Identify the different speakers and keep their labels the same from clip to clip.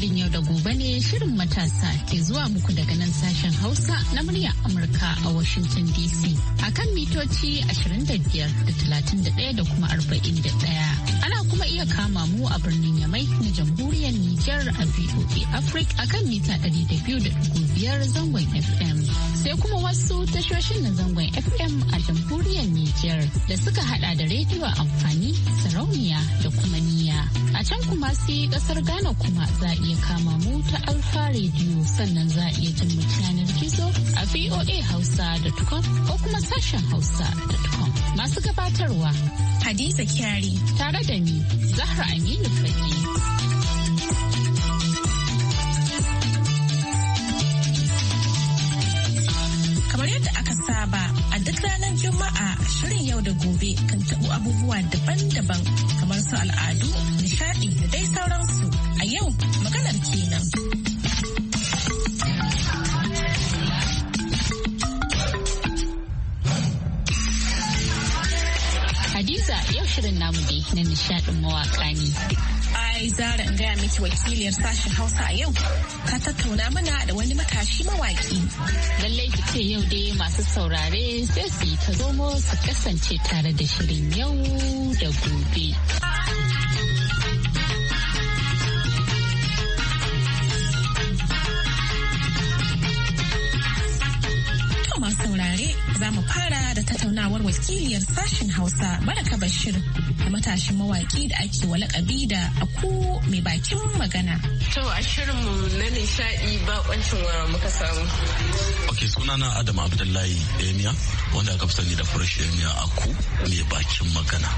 Speaker 1: shirin yau da gobe ne shirin matasa ke zuwa muku daga nan sashen Hausa na murya Amurka a Washington DC akan mitoci 25 da 31 da kuma 41. Ana kuma iya kama mu a birnin Yamai na jamhuriyar Nijar a VOA Africa akan mita 200.5 zangon FM. Sai kuma wasu tashoshin na zangon FM a jamhuriyar Nijar da suka hada da rediyo amfani sarauniya da kuma A can kuma sai kasar Ghana kuma za a iya kama mu ta Alfa Radio sannan za a iya jin yanar gizo a VOA Hausa da tukon ko kuma sashen Hausa da tukon. Masu gabatarwa Hadiza Kyari tare da ni Zahra Aminu Fage. kamar yadda aka saba Juma'a shirin yau da gobe kan taɓo abubuwa daban-daban kamar su al'adu, nishaɗi da dai sauransu. A yau maganar kenan. Hadiza yau shirin namu dai na nishadin mawaƙa ne. Ai zara in gaya miki wakiliyar sashen Hausa a yau ka tattauna mana da wani matashi mawaki. Lallai ki ce yau dai masu saurare sai su yi ta zomo su kasance tare da shirin yau da gobe. saurare za mu fara da tattaunawar wakiliyar sashen Hausa mara Baraka Bashir matashin mawaki da ake wa lakabi da aku mai bakin
Speaker 2: magana. To a shirinmu na nishadi
Speaker 3: kwancin wara muka samu. Ok na Adam Abdullahi Emiya wanda aka fi sani da Fresh Emiya aku mai bakin magana.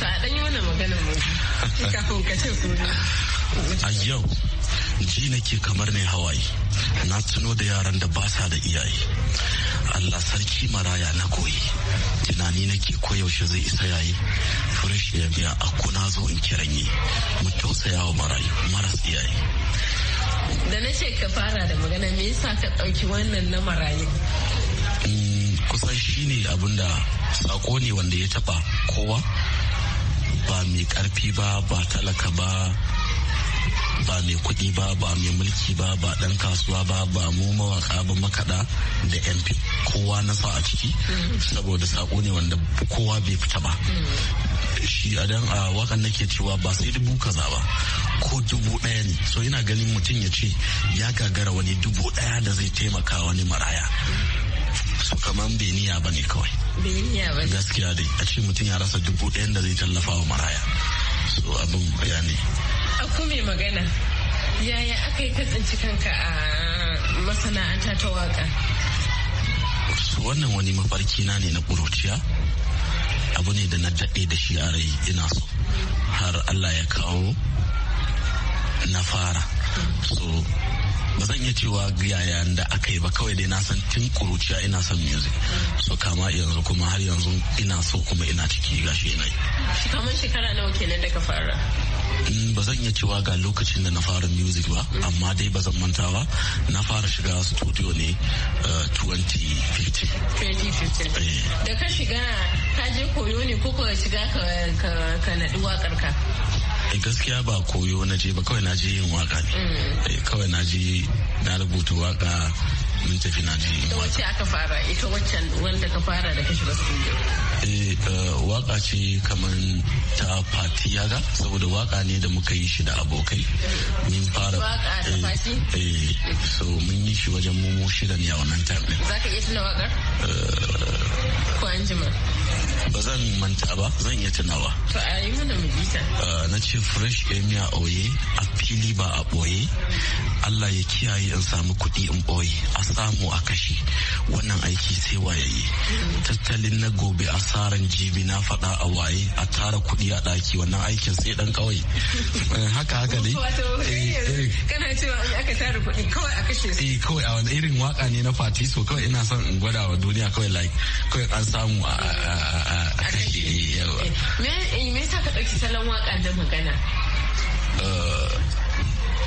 Speaker 2: To a ɗanyi wannan maganar mu kafin ka ce
Speaker 3: A yau ji nake kamar ne hawaye na tuno da yaran da ba sa da iyaye. Allah sarki maraya na koyi tunani nake koyaushe zai isa yayi furish ya biya a kuna zo in kiranye mu tausaya wa marayu maras iyaye
Speaker 2: da na ce ka fara da magana me yasa ka ɗauki wannan na marayu
Speaker 3: mm, kusan shine abinda sako ne wanda ya taba kowa ba mai karfi ba ba talaka ba ba mai kuɗi ba ba mai mulki ba ba ɗan kasuwa ba ba mu mawaka ba makaɗa da mp kowa na sa a ciki saboda sako ne wanda kowa bai fita ba shi a dan a wakan nake cewa ba sai dubu kaza ba ko dubu ɗaya ne so ina ganin mutum ya ce ya gagara wani dubu ɗaya da zai taimaka wani maraya su kamar beniya ba ne kawai gaskiya dai a ce mutum ya rasa dubu ɗayan da zai tallafa wa maraya so abin bayani
Speaker 2: Aku mai magana. Yaya aka yi katsinci kanka a masana'anta ta waka?
Speaker 3: Wannan wani mafarki na ne na ƙuruciya. Abu ne da na daɗe da shi a rai ina so. Har Allah ya kawo na fara. So ba zan iya cewa yaya da aka yi ba kawai dai na san tun kuruciya ina son music so kama yanzu kuma har yanzu ina so kuma ina ciki gashi ina yi
Speaker 2: kamar shekara nawa kenan da ka fara
Speaker 3: mm, ba zan iya cewa ga lokacin da na fara music ba amma dai ba zan manta ba na fara shiga studio ne 2015 eh, eh.
Speaker 2: da ka shiga ka je koyo ne ko ka shiga ka naɗi waƙar ka
Speaker 3: gaskiya ba koyo na je ba kawai na je yin waka ne mm. eh, kawai na je na rubuta waka mun tafi na je yin
Speaker 2: waka wacce aka fara ita waccan wanda ka fara da kashi shiga studio
Speaker 3: eh, eh waka ce kamar ta fati yaga saboda waka ne da muka yi shi da abokai mun fara waka ta eh, fati eh so mun yi shi wajen mu shida ne a wannan
Speaker 2: za ka iya tuna wakar ko an jima
Speaker 3: ba zan manta ba zan iya tunawa.
Speaker 2: To a yi mana mujita.
Speaker 3: Eh, na ce fresh emia oye a fili ba a ɓoye Allah ya kiyaye in samu kuɗi in ɓoye a samu a kashe wannan aiki sai wayaye tattalin na gobe asaran jibi na faɗa a waye a tara kuɗi a ɗaki wannan aikin sai dan kawai eh, haka haka dai eh, eh,
Speaker 2: kana cewa aka tara kuɗi kawai a kashe su
Speaker 3: eh kawai a wani irin waka ne na fati so kawai ina son in gwada wa duniya kawai like kawai an samu a kashe
Speaker 2: me yasa ka ɗauki salon waka da magana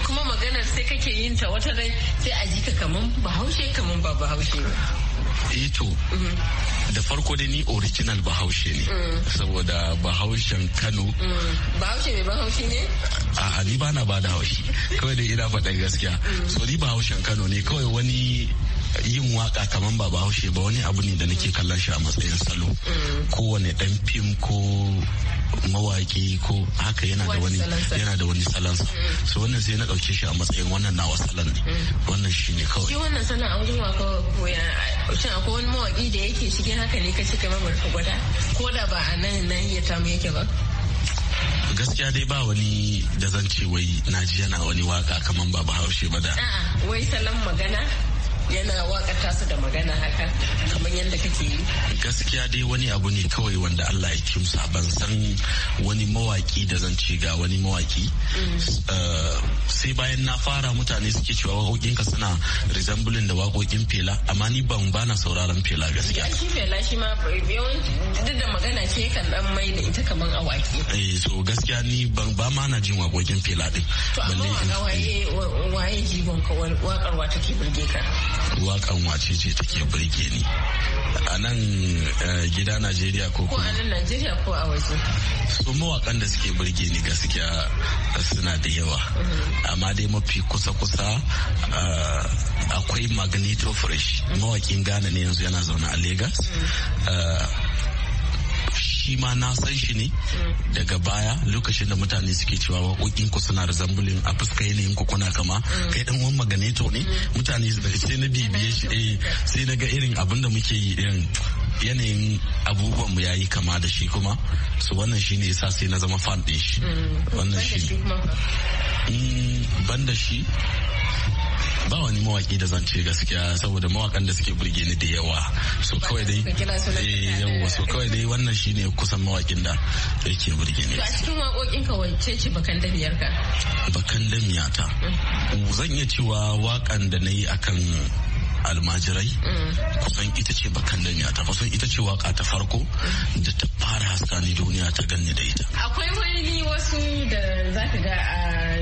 Speaker 2: kuma maganar sai kake yin ta wata rai sai a ji ka kaman bahaushe kaman
Speaker 3: ba bahaushe Eto, eh mhm. da farko dai ni original bahaushe ne, mm. saboda bahaushen Kano. Mm.
Speaker 2: Bahaushe ne bahaushe ne?
Speaker 3: A ni ba na ba da haushi, kawai dai ina faɗin gaskiya. Mm. So ni bahaushen Kano ne, kawai wani yin waka kamar ba haushe ba wani abu ne da nake kallon shi a matsayin salo mm. kowane dan fim ko mawaki ko haka yana da wani yana da wani salansa mm. so wannan sai na dauke shi a matsayin wannan nawa salon ne mm. wannan shi ne kawai
Speaker 2: shi wannan sana a wajen waka ya shin akwai wani mawaki da yake cikin haka ne ka ce kamar ka gwada ko da ba a nan nan ya tamu yake ba
Speaker 3: gaskiya dai ba wani da zan ce wai naji yana wani waka kaman ba haushe ba da
Speaker 2: wai salon magana yana wakata su da magana haka kamar yadda kake yi
Speaker 3: gaskiya dai wani abu ne kawai wanda Allah ya kimsa ban san wani mawaki da zan ce ga wani mawaki mm. eh, sai bayan na fara mutane suke cewa ka suna resembling da waƙoƙin fela amma ni ban bana sauraron fela gaskiya
Speaker 2: shi fela shi ma duk da magana ce kan dan mai da ita kaman awaki
Speaker 3: eh so gaskiya ni ban ba ma na jin waƙoƙin fela din to amma
Speaker 2: waye waye jibon ka waƙar wa take burge ka
Speaker 3: wakan wace ce take burge ni a nan eh, gida najeriya ko kuma
Speaker 2: a nan najeriya ko a
Speaker 3: waje su mawakan da suke burge ni gaskiya suna da yawa mm-hmm. amma dai mafi kusa-kusa eh, akwai magneto fresh mawakin ghana ne yanzu yana zaune a Legas. Mm-hmm. Eh, shi ma na san shi ne daga baya lokacin da mutane suke cewa waƙoƙin ku suna da zambulin a fuska yanayin ku kuna kama kai dan wani maganeto ne mutane sai na bibiye shi eh, sai na ga irin abin da muke yi irin yanayin abubuwan mu yayi kama da shi kuma su wannan shi ne yasa sai na zama fan din shi
Speaker 2: mm. wannan shi
Speaker 3: mm, ban da shi ba wani mawaki da zan ce gaskiya saboda mawakan da suke burge ni da yawa so kawai dai eh, yawa so kawai dai wannan shi ne kusan mawakin da yake burge ni a
Speaker 2: cikin wakokin ka wace ce bakan damiyar ka
Speaker 3: bakan damiya ta mm. zan iya cewa wakan da na yi akan almajirai kusan ita ce bakallami ta kusan ita ce waka ta farko da ta fara haska duniya ta ganni da ita akwai
Speaker 2: wani wasu da za ka ga a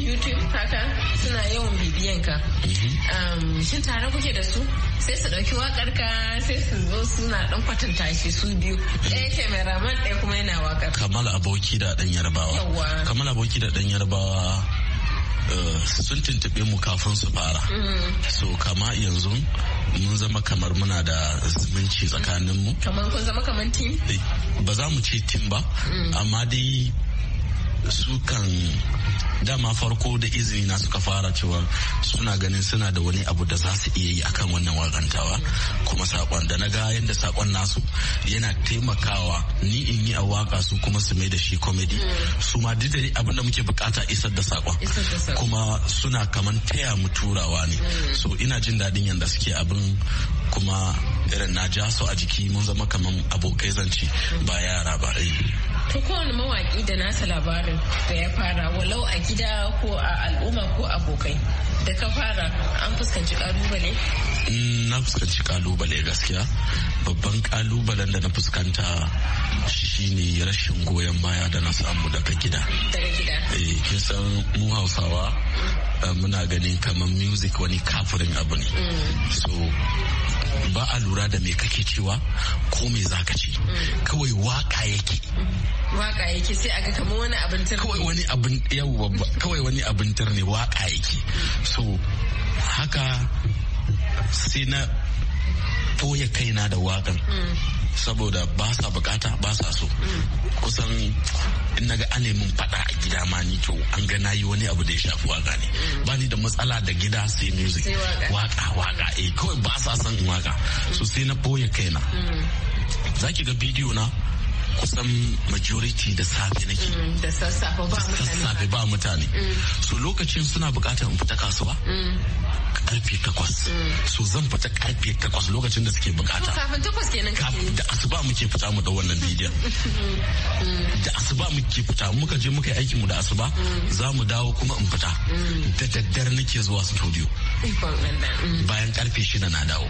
Speaker 2: youtube haka suna yawan bibiyan ka mm-hmm. um, shin tare kuke da su sai su ɗauki wakar ka sai su zo suna ɗan kwatanta shi su biyu mm-hmm. ɗaya ramar ɗaya kuma yana wakar
Speaker 3: kamal aboki da ɗan da ɗan yarbawa Eh, sun tuntuɓe mu kafin su fara so kama yanzu mun zama kamar muna da zumunci tsakaninmu kamar kun zama kamar team eh, ba za mu ce tin ba mm. amma dai sukan dama farko da izini na suka fara cewa suna ganin suna da wani abu da za su iya yi akan wannan wakantawa kuma sakon da na ga yadda sakon nasu yana taimakawa ni in yi a waka su kuma su mai da shi komedi su ma didari abin da muke bukata isar da sakon kuma suna kaman taya mu turawa ne so ina jin daɗin yadda suke abin kuma irin na ja su a jiki mun zama kaman abokai zance ba yara ba eh.
Speaker 2: To kowane mawaƙi da nasa labarin da ya fara walau a gida ko a al'umma ko abokai da ka fara an fuskanci kalubale?
Speaker 3: Mm, na fuskanci kalubale gaskiya. Babban kalubalen da na fuskanta shine rashin goyon baya da na samu daga gida. Daga gida. Eh, kin san mu Hausawa eh, muna ganin kamar music wani kafirin abu ne. Mm. So ba a lura da me kake cewa ko me za ka ce mm. kawai waka yake mm.
Speaker 2: waka yake sai aka kama wani abin tarne kawai wani
Speaker 3: abin yau kawai wani abin ne waka yake mm. so haka sai na toye kaina da wakan saboda ba sa bukata ba sa so kusan in naga alemin fada dama ni to an ga yi wani abu da ya shafi waka ne ba ni da matsala da gida sai music waka waka eh kawai ba sa son waka so sai na boye kaina mm. zaki ga bidiyo na kusan majority da safe nake mm,
Speaker 2: da sassafe
Speaker 3: ba mutane mm. so lokacin suna bukatar in fita kasuwa karfe takwas mm. so zan fita karfe takwas lokacin da suke bukata kafin
Speaker 2: takwas kenan da
Speaker 3: asuba muke fita mu da wannan bidiyon
Speaker 2: mm.
Speaker 3: da asuba muke fita muka je muka yi aikin mu da asuba mm. za mu dawo kuma in fita da daddare nake zuwa studio bayan karfe shida na dawo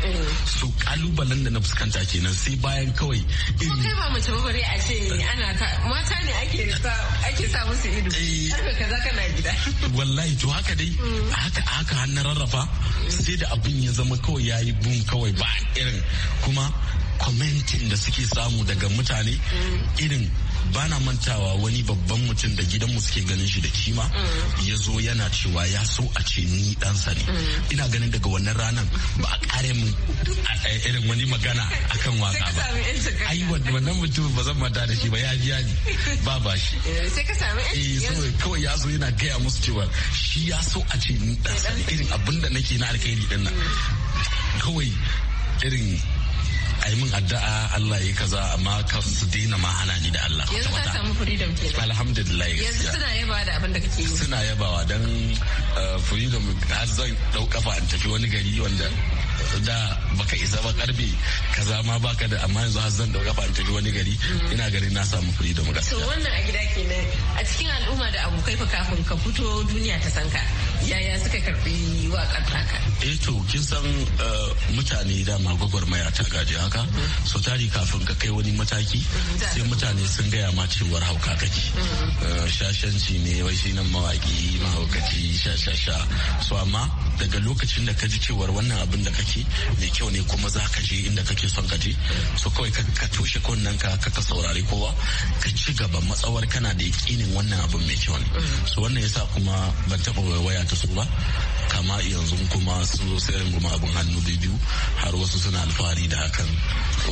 Speaker 3: so kalubalen da na fuskanta kenan sai bayan kawai ko
Speaker 2: kai ba mace ba bare a ce ana mata ne ake sa ake sa musu ido eh. karfe kaza kana gida
Speaker 3: wallahi to haka dai haka haka hannun na rarrafa sai da abin ya zama kawai ya yi bun kawai ba irin kuma kwamentin da suke samu daga mutane mm. irin bana mantawa wani babban mutum da gidan mu suke ganin shi da kima mm. ya zo yana cewa ya so a ce ni ɗansa ne mm. ina ganin daga wannan ranan ba a kare mu irin wani magana akan waka ba ai wannan mutum ba zan manta da shi ba ya biya ni ba ba shi
Speaker 2: eh, sai ka samu eh
Speaker 3: kawai ya zo yana gaya musu cewa shi ya so a ce ni ɗansa ne irin abinda nake na alkhairi din nan mm. kawai irin a yi min addu'a Allah ya kaza amma ka su daina ma ana ni da Allah yanzu ka samu
Speaker 2: freedom kenan alhamdulillah yanzu suna yabawa da abin da kake yi suna
Speaker 3: yabawa dan uh, freedom har zan dau kafa in tafi wani gari wanda da baka isa ba karbe kaza ma baka da amma yanzu har zan dauka in tafi wani gari mm. ina gari na samu freedom. gaskiya
Speaker 2: to wannan a gida kenan a cikin al'umma da abokai fa kafin ka fito duniya ta sanka. yaya suka karbi waƙar taka
Speaker 3: eh to kin san eh, mutane dama mai ta gaji haka so tari kafin ka kai wani mataki sai mutane sun gaya ma cewar hauka kake eh, shashanci ne wai shi nan mawaki mahaukaci sha sha sha so amma daga lokacin da ka ji cewar wannan abin da kake mai kyau ne kuma za ka je inda kake son ka je so kawai ka toshe kunnen ka ka saurari kowa ka ci gaba matsawar kana da yakinin wannan abin mai kyau ne so wannan yasa kuma ban taba waya ta su ba kama yanzu kuma sun zo sayan kuma abin hannu biyu har wasu suna alfahari da hakan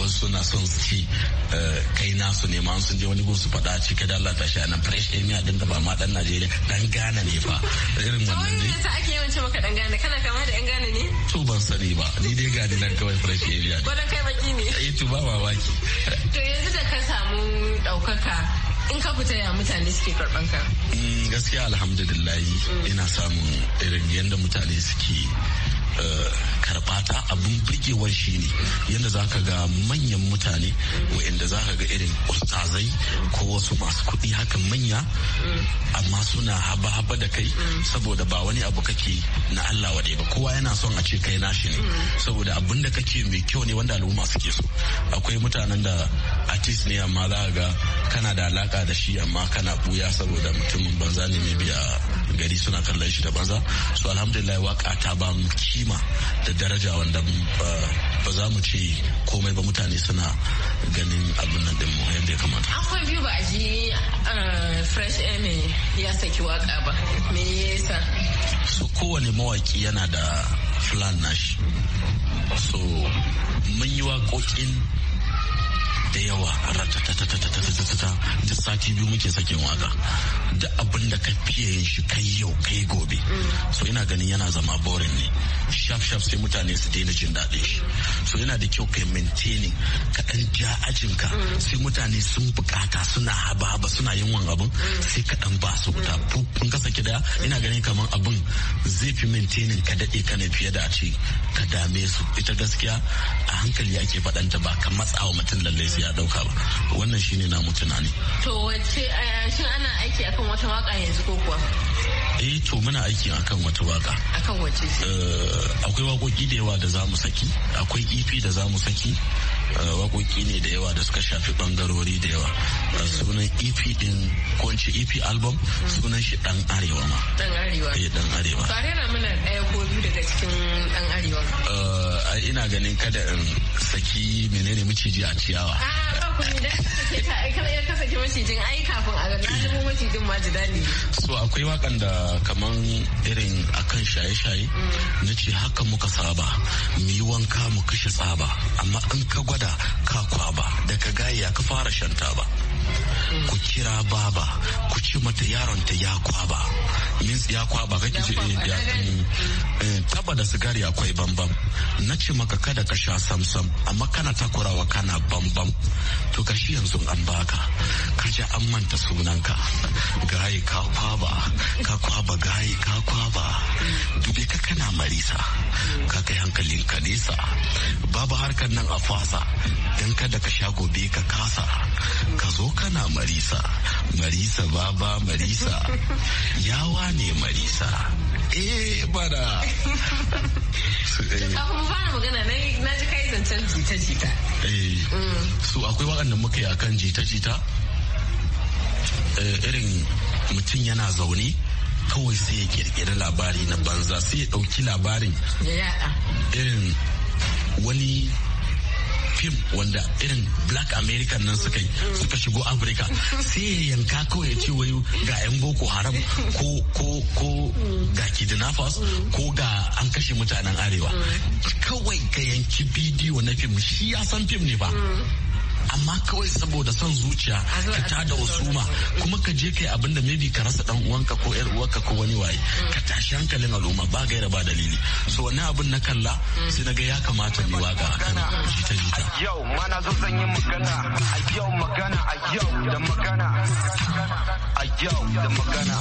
Speaker 3: wasu suna son su ci eh, kai nasu ne ma sun je wani gun su faɗa ci kada Allah ta sha nan fresh emia din da ba ma dan Najeriya dan Ghana ne fa irin wannan ne
Speaker 2: ake yawan ce maka dan Ghana kana kama da yan gane ne
Speaker 3: to ban sani ba ni dai gani nan kawai fresh area wannan kai baki ne eh to ba mamaki
Speaker 2: to yanzu da ka samu ɗaukaka in ka fita ya mutane suke karban ka
Speaker 3: mm, gaskiya alhamdulillah mm. ina samun irin yadda mutane suke karbata abin birgewar shi ne yadda za ka ga manyan mutane wa'inda za ka ga irin ustazai ko wasu masu kuɗi haka manya amma suna haba-haba da kai saboda ba wani abu kake na Allah waɗe ba kowa yana son a ce kai nashi ne saboda abin da kake mai kyau ne wanda al'umma suke so akwai mutanen da artist ne amma za ga kana da alaka da shi amma kana buya saboda mutumin banza ne mai biya gari suna kallon shi da banza so alhamdulillah waka ta ba mu kima kima da daraja wanda uh, ba za mu ce komai ba mutane suna ganin abin nan din mu yadda ya kamata.
Speaker 2: Akwai biyu ba a ji uh, fresh air ne ya saki waka ba me yasa?
Speaker 3: So kowane mawaki yana da flan nashi. So mun yi waƙoƙin da yawa da sati biyu muke sakin waka da abinda da ka fiye yin shi kai yau kai gobe mm. so ina ganin yana zama boring ne shaf shaf sai mutane su daina jin daɗin shi so yana da kyau kai maintaining ka ɗan ja ajinka sai mutane sun bukata suna haba suna yawan abin sai ka ɗan ba su guda kun kasa ina ganin kamar abin zai fi maintaining ka daɗe kana fiye da a ce ka dame su ita gaskiya a hankali ake faɗanta ba ka matsawa mutum lallai sai ya ɗauka ba wannan shine namu tunani
Speaker 2: to wacce eh, shin ana aiki akan wata waka yanzu ko kuwa
Speaker 3: eh to muna aiki akan wata waka akan wace eh, akwai wakoki da yawa da zamu saki akwai EP da zamu saki eh, wakoki ne da yawa da suka shafi bangarori da yawa eh, sunan EP din ko EP e album mm. sunan shi dan arewa ma dan arewa eh dan arewa
Speaker 2: tare na mana daya ko biyu daga cikin dan arewa
Speaker 3: eh ina ganin kada in saki menene miciji a ciyawa ah,
Speaker 2: a macijin ai kafin a ga lalubo macijin ma ji dadi
Speaker 3: so akwai wakan da kaman irin akan shaye-shaye na ce haka muka saba mu yi wanka mu kashe saba amma in ka gwada ka kwaba daga gaya ka fara shanta ba ku kira baba ku ci mata yaron ta ya kwaba min ya kwaba kake ce eh, ya eh, taba da sigari akwai bambam na ce maka kada ka sha samsam amma kana takurawa kana bambam to ka shi yanzu an baka ka ji an manta sunanka gaye ka kwaba ka kwaba gaye ka kwaba dube ka kana marisa ka kai hankalin ka nesa babu harkar nan a fasa dan kada ka sha gobe ka kasa ka zo kana marisa marisa baba marisa Ya wane marisa eh bada
Speaker 2: magana na ji kai jita-jita
Speaker 3: eh, su akwai waɗanda muka yi akan jita-jita eh, irin mutum yana zaune kawai sai ya kirkiri labari na banza sai ya ɗauki labarin irin wani fim wanda irin black american nan suka yi suka shigo afirka sai ya yanka kawai ya ce wayo ga yan boko haram ko ko ko ga kidnappers ko ga an kashe mutanen arewa kawai ka yanki bidiyo na fim shi ya san fim ne ba amma kawai saboda son zuciya ka tada usuma kuma ka je kai abin da maybe ka rasa dan uwanka ko yar uwanka ko wani waye mm. ka tashi hankalin al'umma ba gaira ba dalili so wannan abin na kalla mm. sai na ga ya kamata mu waka akan
Speaker 4: jita jita yau mana zo zan yi magana a yau magana a yau da magana a yau da magana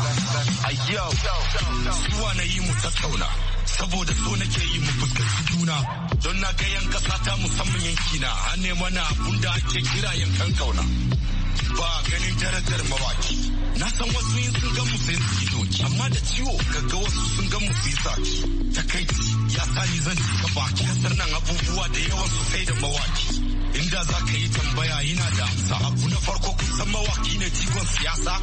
Speaker 4: a yau zuwa na yi mu tattauna saboda so nake yi mu fuskanci juna don na ga yan kasa ta musamman yanki na an mana abun da ake kira yankan kauna ba ganin darajar mawaki na san wasu yin sun gan mu sai su doki amma da ciwo gaggawa wasu sun gan mu sai ta takaici ya sa ni zan cika baki kasar nan abubuwa da yawan su sai da mawaki inda za ka yi tambaya yana da amsa abu na farko kusan mawaki ne jigon siyasa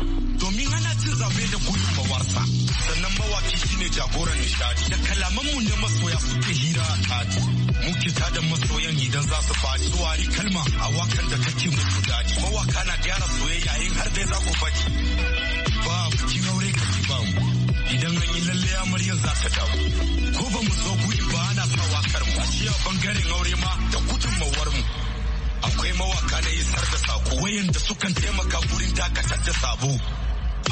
Speaker 4: domin ana cin zabe da mawarsa sannan mawaki shine jagoran nishadi da kalamanmu na masoya suke hira a tadi muke tada masoyan idan za su faɗi wari kalma a wakan da kake musu daɗi mawaka na gyara soyayya yayin har dai za ku faɗi ba ki aure ka ki ba mu idan an yi lalle amaryar za ta dawo ko ba mu zo guri ba ana sa wakar mu a bangaren aure ma da mawar mu akwai mawaka na isar da sako wayanda sukan taimaka gurin dakatar da sabo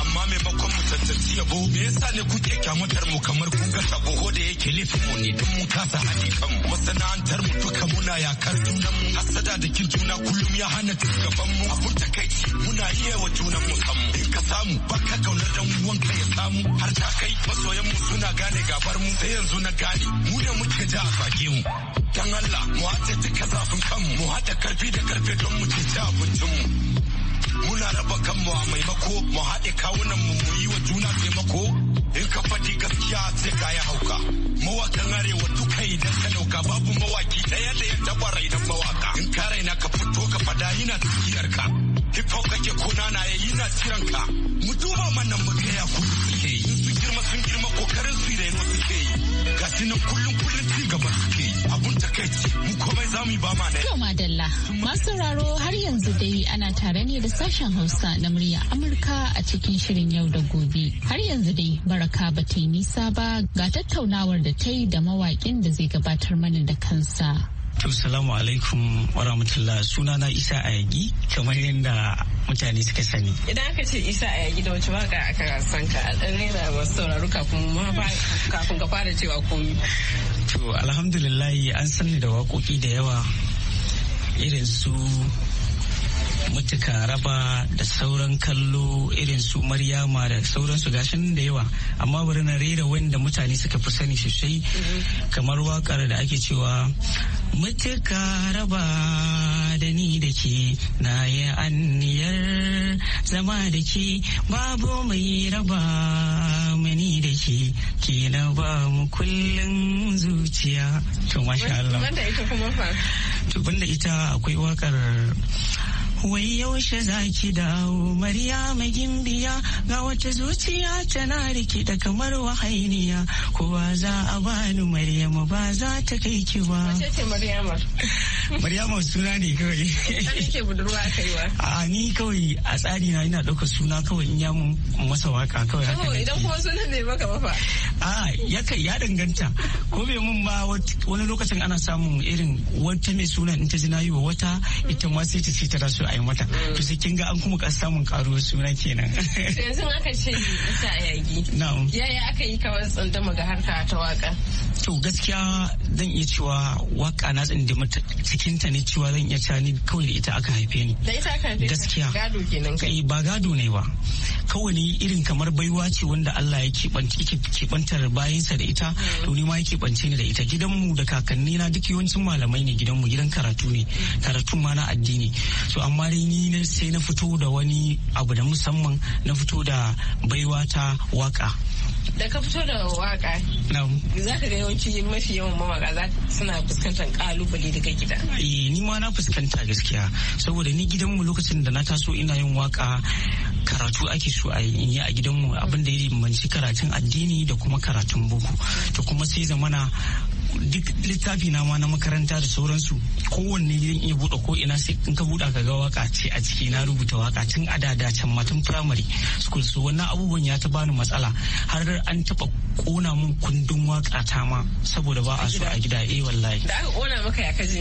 Speaker 4: amma maimakon cancanci yabo me yasa ne kuke kyamatar mu kamar kun ga tabo da yake laifin mu ne duk kasa haɗe kanmu masana'antar mu duka muna yakar junan mu hasada da kin juna kullum ya hana gaban mu abun takaici muna iya wa junan mu samu in ka samu baka kaunar dan uwanka ya samu har ta kai masoyan mu suna gane gabar mu sai yanzu na gane mu ne muke ja a baki mu dan Allah mu haɗe duka zafin kanmu mu haɗa karfi da karfe don mu ci abincinmu muna raba kanmu a maimako mu haɗe kawunan mu mu yi wa juna taimako in ka faɗi gaskiya sai ka yi hauka mawakan arewa duka idan ka ɗauka babu mawaki ɗaya da ya taɓa rainan mawaka in ka raina ka fito ka fada yana tsakiyar ka hip hop kake ko nana ya eh, yi na tsiran ka mu duba mana mu gaya ku suke yi in su girma sun girma kokarin su da suke yi ga kullum kullum ci gaba suke yi abun takaici mu komai za mu yi ba ma ne. Yau
Speaker 1: Madalla masu sauraro har yanzu dai ana tare ne da sashen Hausa na murya Amurka a cikin shirin yau da gobe. Har yanzu dai Baraka ba ta yi nisa ba ga tattaunawar da ta yi da mawaƙin da zai gabatar mana da kansa.
Speaker 5: To salamu alaikum warahmatullah suna na Isa Ayagi kamar yadda mutane suka sani.
Speaker 2: Idan aka ce Isa Ayagi da wace waka aka san ka dan rera wasu sauraro kafin kafin ka fara cewa komi.
Speaker 5: alhamdulillah an sanni da waƙoƙi da yawa irin su mutuka raba da sauran kallo irin su maryama da sauransu gashin da yawa amma bari na rera wanda mutane suka fi sani sosai kamar wakar da ake cewa mutuka raba da ni da ke na yi anniyar zama da ke babu mai raba mani da ke ke na ba mu kullum zuciya to masha Allah banda ita kuma fa to banda ita akwai wakar wai yaushe ki dawo maryama gimbiya ga wata zuciya tana rikida da kamar wahainiya kowa za a bani maryama ba za ta kai ki ba maryama suna ne kawai a ni kawai a tsari na ina ɗauka suna kawai in yamu masa waka kawai haka idan
Speaker 2: kuma sunan ne maka ba fa
Speaker 5: a ya ya danganta ko bai mun ba wani lokacin ana samun irin wata mai sunan in ta ji na yi wa wata ita ma sai ta ce ta rasu a yi mata to sai kin ga an kuma samun karuwar suna kenan yanzu
Speaker 2: aka ce bisa yagi yaya aka yi kawai tsandama ga harka ta waka
Speaker 5: to gaskiya zan iya cewa waka na tsin da cikin ne cewa zan iya cewa ni kawai da ita aka haife ni da ita aka haife gaskiya gado kenan kai eh, ba gado ne ba kawai ni irin kamar baiwa ce wanda Allah ya keɓantar bayansa da ita mm. to ni ma ya keɓance ni da ita gidanmu da kakanni na duk yawancin malamai ne gidanmu gidan karatu ne mm. karatu ma na addini to amma dai ni sai na fito da wani abu da musamman na fito da baiwa ta waka
Speaker 2: da ka fito da waka za ka ga yawanci mafi yawan mawaka za suna fuskantar kalubale daga gida
Speaker 5: eh ni ma na fuskanta gaskiya saboda ni gidan mu lokacin da na taso ina yin waka karatu ake so a yi a gidan gidanmu abinda ya manci karatun addini da kuma karatun boko to kuma sai zamana duk littafi na ma na makaranta da sauransu kowanne zan iya buɗe ko ina sai in ka buɗe ka ga waka ce a ciki na rubuta waka tun a dada can matan primary school su wannan abubuwan ya ta bani matsala har an taɓa kona mun kundin waka ta ma saboda ba a so a gida eh wallahi da aka
Speaker 2: kona maka ya kaje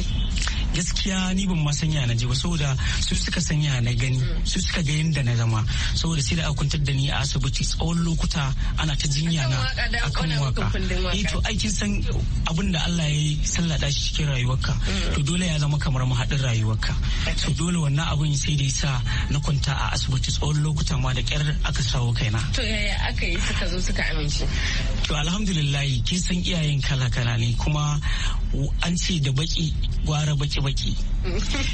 Speaker 5: gaskiya ni ban ma sanya na je ba saboda su suka sanya na gani su suka ga yadda na zama saboda sai da aka kwantar da ni a asibiti tsawon lokuta ana ta jinya na akan waka eh to aikin san abin da Allah ya sallada shi cikin rayuwarka mm. to dole ya zama kamar hadin rayuwarka so dole wannan abin sai da yasa na kwanta a asibiti tsawon lokuta ma da kyar aka sawo kaina
Speaker 2: to yaya aka yi suka zo suka amince
Speaker 5: to alhamdulillah kin san iyayen kala kala ne kuma an ce da baki gwara baki baki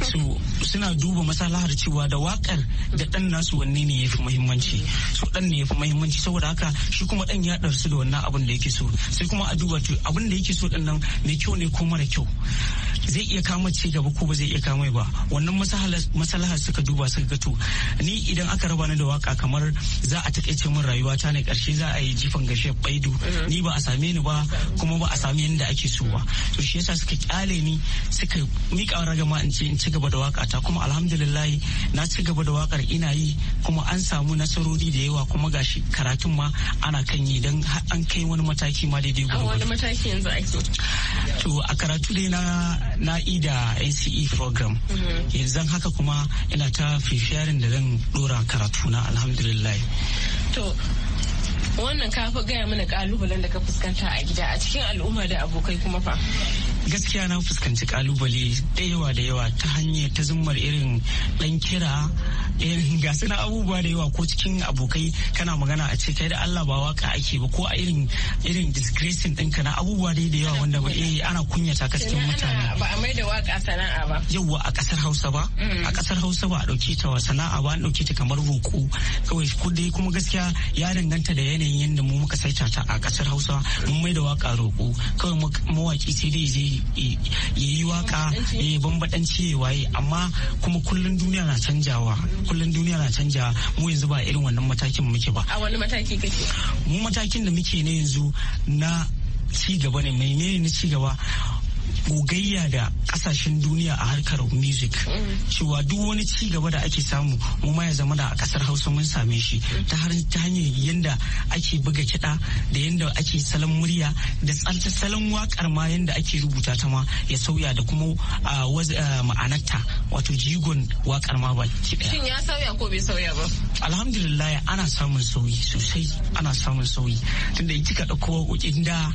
Speaker 5: so suna duba masalahar cewa da wakar da dan nasu wanne ne yafi muhimmanci so dan ne yafi muhimmanci saboda haka shi kuma dan ya darsu da wannan abin da yake so sai kuma a duba abin da yake so dan nan mai kyau ne ko mara kyau zai iya kama ci gaba ko ba zai iya kama ba wannan masalaha suka duba suka ga to ni idan aka raba ni da waka kamar za a takaice min rayuwa ta ne karshe za a yi jifan gashe baidu mm-hmm. ni ba a same ni ba kuma ba a same ni da ake so ba to shi yasa suka kyale ni suka mika ragama in ce in ci gaba da waka ta kuma alhamdulillah na ci gaba da wakar ina yi kuma an samu nasarori da yawa kuma gashi karatun ma ana kan yi dan an kai wani mataki ma daidai gwamnati. A wani
Speaker 2: mataki yanzu ake?
Speaker 5: To a karatu dai na na ida ACE program mhm. yanzu haka kuma ina ta fifiyarin da zan dora karatuna alhamdulillah
Speaker 2: to wannan kafa gaya mana kalubalen da ka fuskanta a gida a cikin al'umma da abokai kuma fa
Speaker 5: gaskiya na fuskanci kalubale da yawa da yawa ta hanyar ta zummar irin dan kira ga suna abubuwa da yawa ko cikin abokai kana magana a ce kai da Allah ba waka ake ba ko a irin irin discretion ɗinka na abubuwa dai da yawa wanda ba eh ana kunyata ka cikin mutane ba a
Speaker 2: mai da waka sana'a
Speaker 5: ba yawa a kasar mm. Hausa ba a kasar Hausa ba a dauke ta sana'a ba an dauke ta kamar roƙo kawai kudi kuma gaskiya ya danganta da yanayin yanda mu muka saita ta a kasar Hausa mun mai da waka roƙo kawai mawaki sai dai zai yi waka ya bambadanci ya waye amma kuma kullum duniya na canjawa kullum duniya na canjawa mu yanzu ba irin wannan matakin muke ba a
Speaker 2: wani mataki kake
Speaker 5: mu matakin da muke ne yanzu na ci gaba ne menene na ci gaba gogayya da kasashen duniya a harkar music cewa duk wani ci gaba da ake samu mu ma ya zama da a kasar hausa mun same shi ta hanyar yanda ake buga kiɗa da yadda ake salon murya da salon wakar ma yadda ake rubuta ta ma ya sauya da kuma ma'anarta wato jigon wakar ma ba shin
Speaker 2: ya sauya ko bai sauya ba
Speaker 5: alhamdulillah ana samun sauyi sosai ana samun sauyi tunda kika ɗauko waƙoƙin da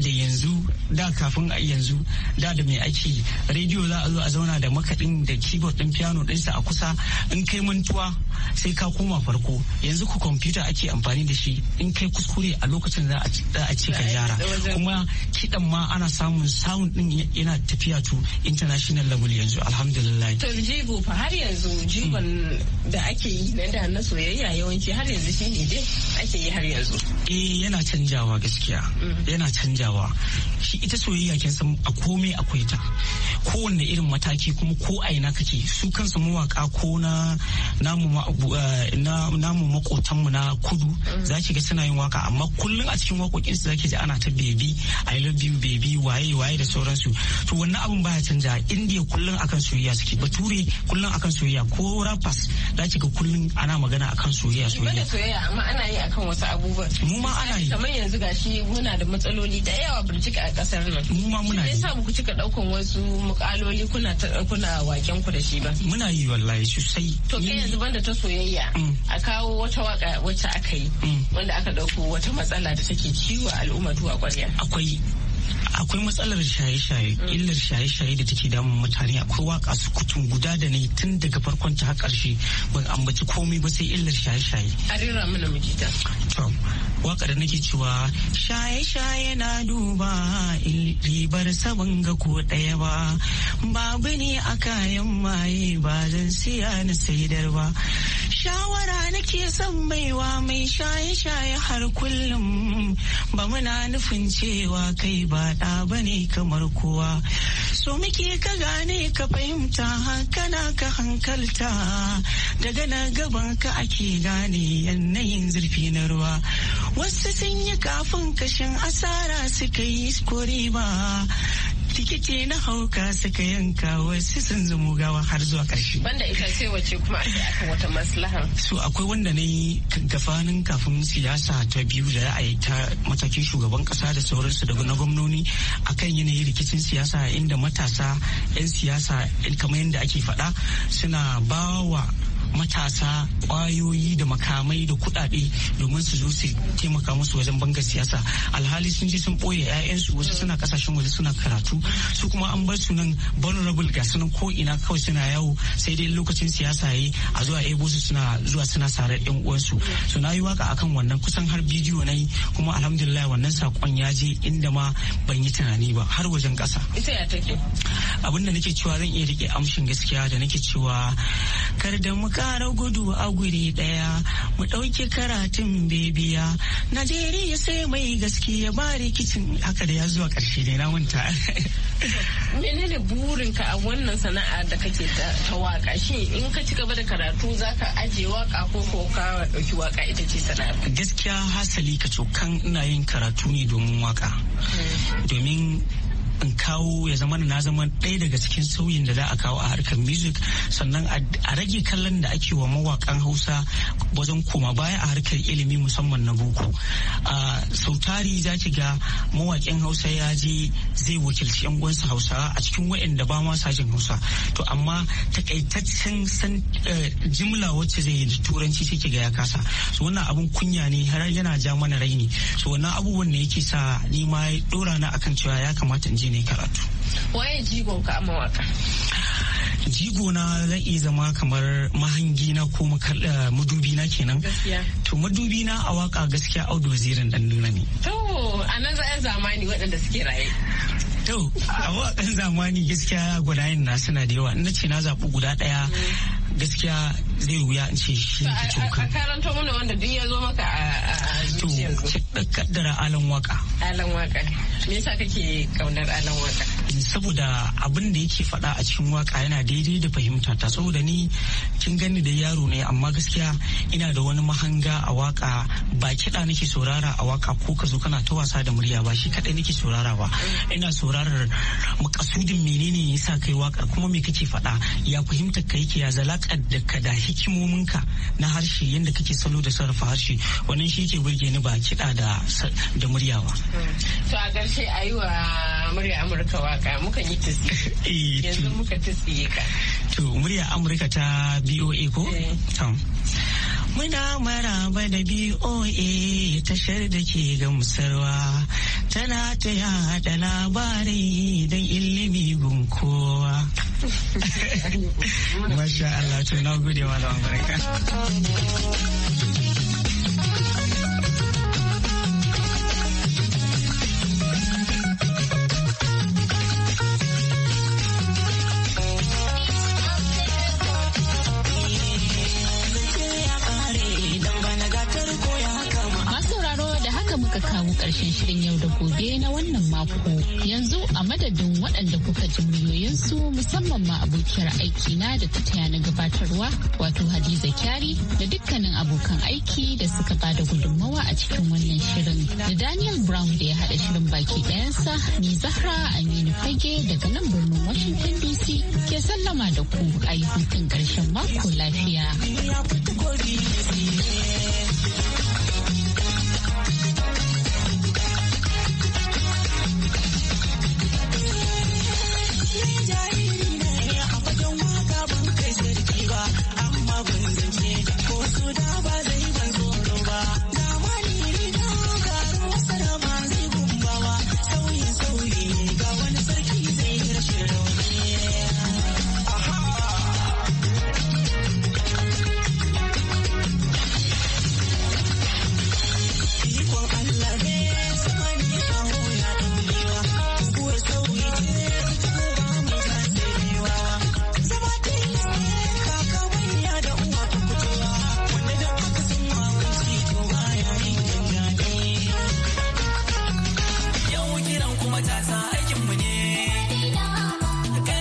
Speaker 5: da yanzu da kafin a yanzu da da mai ake rediyo za a zo a zauna da makaɗin da keyboard ɗin piano ɗinsa a kusa in kai mantuwa sai ka koma farko yanzu ku kwamfuta ake amfani da shi in kai kuskure a lokacin za a ce ka gyara kuma kiɗan ma ana samun sound din yana tafiya to international level yanzu alhamdulillah to
Speaker 2: Jibo fa har yanzu jibon da ake yi na da na soyayya yawanci har yanzu ne dai ake yi har yanzu
Speaker 5: eh yana canjawa gaskiya mm. yana canjawa shi ita soyayya kin san a komai akwai ta kowanne irin mataki kuma ko aina kake su kansu mawaka ko na namu makotanmu eh, na kudu mm. za ki ga suna yin waka amma kullum a cikin waƙoƙinsu za ki ji ana ta bebi i biyu bebi waye waye da sauransu to wannan abun baya canja indiya kullum akan soyayya suke bature kullum akan soyayya ko rappers da ga kullum ana magana akan soyayya soyayya soyayya amma ana yi akan wasu abubuwa. mu ma ana yi kamar
Speaker 2: yanzu gashi muna da matsaloli da yawa burjika a kasar nan mu ma muna yi yasa ku cika daukan wasu mukaloli kuna kuna waken ku da shi ba muna yi wallahi sosai to kai yanzu banda ta soyayya mm. a kawo wata waka wacce aka yi mm. wanda aka dauko wata matsala da take ciwo al'umma tuwa kwarya akwai
Speaker 5: akwai matsalar shaye-shaye illar shaye-shaye da take damun mutane akwai waka su kutun guda da ne tun daga farkon ta karshe ban ambaci komai ba sai illar shaye-shaye
Speaker 2: arira mana mijita
Speaker 5: to waka da nake cewa shaye-shaye na duba ribar saban ga ko daya ba babu ne a kayan maye ba zan siya na saidar ba shawara nake son baiwa mai shaye-shaye har kullum ba muna nufin cewa kai ba ɗa ba ne kamar kowa so muke ka gane ka fahimta hankana ka hankalta daga na gaban ka ake gane yanayin zurfi na ruwa wasu sun yi kafin kashin asara suka yi ba Tikiti na hauka saka yanka wasu sun zamo gawa har zuwa ƙarshe.
Speaker 2: Banda ita ce wace kuma a akan wata maslaha.
Speaker 5: So akwai wanda na yi gafanin kafin siyasa ta biyu da za a ta matakin shugaban ƙasa da sauransu daga na gwamnoni akan yanayin rikicin siyasa inda matasa 'yan siyasa kamar yadda ake faɗa suna bawa matasa kwayoyi da makamai da kuɗaɗe domin su zo su taimaka musu wajen banga siyasa alhali sun ji sun ɓoye 'ya'yansu wasu suna kasashen waje suna karatu su kuma an bar su nan vulnerable ga sunan ko ina kawai suna yawo sai dai lokacin siyasa yayi a zuwa ebo su suna zuwa suna sarar yan uwansu so na yi waka akan wannan kusan har bidiyo na yi kuma alhamdulillah wannan sakon ya je inda ma ban yi tunani ba har wajen kasa
Speaker 2: ita ya take
Speaker 5: abinda nake cewa zan iya rike amshin gaskiya da nake cewa kar da muka kara gudu a guri daya mu ɗauki karatun bebiya najeriya sai mai gaskiya ba rikicin haka da ya zuwa ƙarshe ne na wunta
Speaker 2: menene burinka a wannan sana'a da kake ta waka shi in ka ci gaba da karatu za ka ajiye waka ko ko ka ɗauki waka ita ce sana'a
Speaker 5: gaskiya hasali ka cokan ina yin karatu ne domin waka mm. domin in kawo ya zama na zama ɗaya daga cikin sauyin da za a kawo a harkar music sannan a rage kallon da ake wa mawakan hausa wajen koma baya a harkar ilimi musamman na boko sau tari za ki ga mawakin hausa ya je zai wakilci yan gwansa hausa a cikin wa'anda ba ma sajin hausa to amma takaitaccen san eh, jimla wacce zai yi turanci take ga ya kasa so wannan abun kunya ne har yana ja mana raini so wannan abubuwan ne yake sa ni ma ya dora na akan cewa ya kamata in je ne karatu
Speaker 2: waye jigon ka mawaka
Speaker 5: jigo na zan iya zama kamar mahangi na ko eh, madubi na kenan Gaskiya. to madubi na a waka gaskiya audu wazirin dan nuna ne
Speaker 2: to a nan za'an zamani waɗanda suke raye
Speaker 5: to a wakan zamani gaskiya gwadayen na suna da yawa Ina ce na zaɓi guda ɗaya mm. gaskiya zai wuya in ce shi ne coka. A
Speaker 2: karanta mana wanda duk ya zo maka a zuciyar.
Speaker 5: To, kaddara alan waka.
Speaker 2: Alan waka. Me yasa kake kaunar alan waka?
Speaker 5: saboda abin da yake faɗa a cikin waka yana daidai da fahimta ta saboda ni kin gani da yaro ne amma gaskiya ina da wani mahanga a waka ba kiɗa nake saurara a waka ko ka zo kana ta wasa da murya ba shi kaɗai nake saurara ba ina saurarar makasudin menene ya sa kai wakar kuma me kake faɗa ya fahimta ka yake ya zalaka da ka da hikimomin ka na harshe yadda kake salo da sarrafa harshe wannan shi yake burge ni ba kiɗa da murya ba.
Speaker 2: Hmm. To a ƙarshe a yi wa murya Amurka waka ka muka yi tutsi eh, yanzu muka siya ka
Speaker 5: to murya amurka ta boa ko eh. Muna maraba da BOA tashar da ke gamsarwa tana ta yada labarai don ilimi gun kowa. Masha Allah, to na gode da Amurka.
Speaker 1: shirin yau da gobe na wannan mako. Yanzu a madadin waɗanda kuka ji muryoyinsu musamman ma abokiyar aiki na da ta taya na gabatarwa wato Hadiza Kyari da dukkanin abokan aiki da suka ba da gudunmawa a cikin wannan shirin. Da Daniel Brown da ya haɗa shirin baki ɗayansa ni Zahra Aminu Fage daga nan birnin Washington DC ke sallama da ku a yi hutun ƙarshen mako lafiya.